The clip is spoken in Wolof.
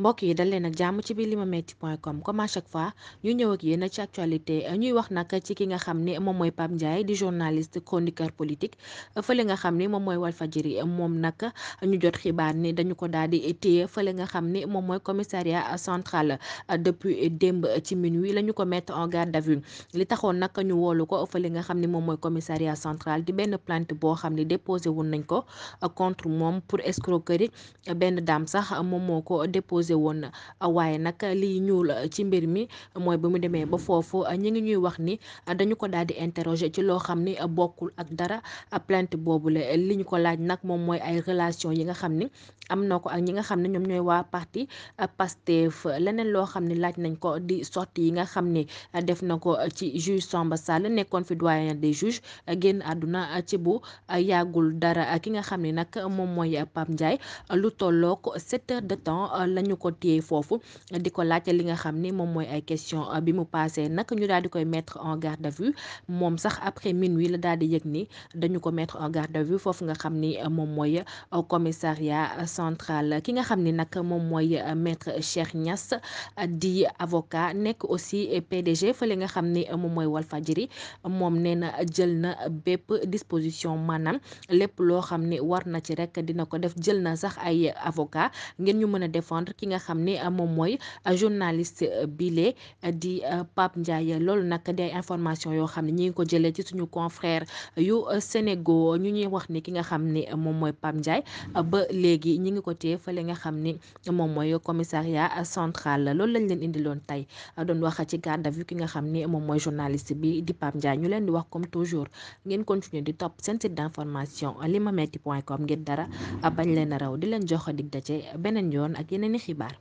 mbokk yi dal leen ak jàmm ci point com comme à chaque fois ñu ñëw ak yéen ci actualité ñuy wax nag ci ki nga xam ne moom Pape Ndiaye di journaliste chroniqueur politique nga ñu jot dañu ko nga commissariat central depuis démb ci minuit la ko mettre en garde à vue li ñu ko nga commissariat central di benn plainte boo xam déposé wun nañ ko contre moom pour escroquerie benn dame sax déposé posé woon ah, waaye nag liy ñuul ci mbir mi mooy ba mu demee ba foofu ah, ñu ngi ñuy wax ni ah, dañu ko daal di interroger ci loo xam ni bokkul ak dara plainte boobule li ñu ko laaj nag moom mooy ay relation yi nga xam ni am na ko ak ñi nga xam ne ñoom ñooy waa parti Pastef leneen loo xam ne laaj nañ ko di sortie yi nga xam ni def na ko ci juge Samba Sall nekkoon fi doyen des juges génn àdduna ci bu yàggul dara ki nga xam ni nag moom mooy Pape Ndiaye lu tolloo ko sept heures de temps lañu ko fofu foofu di li nga question euh, mettre en garde à vue après minuit la mettre en garde à vue fofu nga euh, euh, commissariat central ki nga que nak moyen maître Cheikh Niass di avocat nek aussi PDG fele nga mom moy disposition manam. Les lo ci rek dina avocat ngeen ñu défendre ki nga xam ne euh, moom mooy euh, journaliste euh, bile di Pape Ndiaye loolu nag di information yoo xam ne ñi ngi ko jëlee ci suñu confrère yu Sénégal ñu ñuy wax ni ki nga xam ne moom mooy Pape Ndiaye ba léegi ñi ngi ko téye fële nga xam ni moom mooy commissariat central loolu lañ leen indiloon tey doon wax ci garde à vue ki nga xam ni moom mooy journaliste bi di Pape Ndiaye ñu leen di wax comme toujours ngeen continuer di topp seen site d'information limametti point com ngir dara bañ leen a raw di leen jox dig daje beneen yoon Cibar.